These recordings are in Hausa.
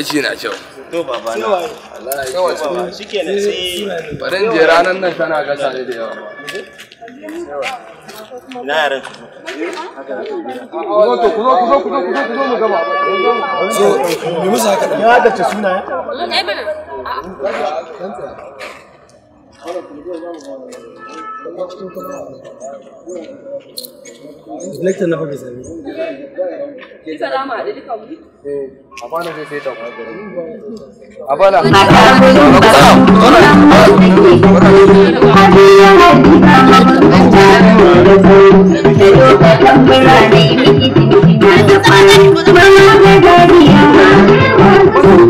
aiki na kyau to nan gasa da yawa na suna Lekta na faɗi sami. Ki salama da duka mu. Abana eh, zai sai ta kuma gari. Abana. Abana. Abana.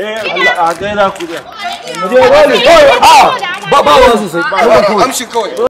Eh Allah a gaira ku da. Mu je Ah ba ba